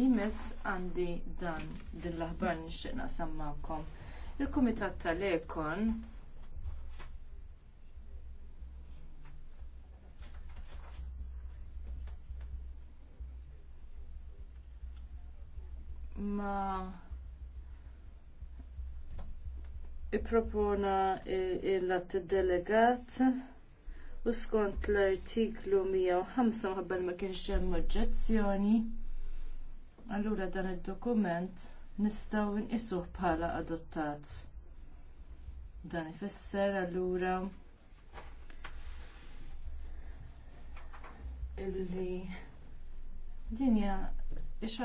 li għandi dan din l-aħbar nixtieq naqsam magħkom. Il-Kumitat tal-Ekon ma ippropona il-att delegat u skont l-artiklu 105 ħabba ma kienx hemm oġġezzjoni Allura dan id-dokument nistgħu nqisuh bħala adottat. Dan ifisser allura illi dinja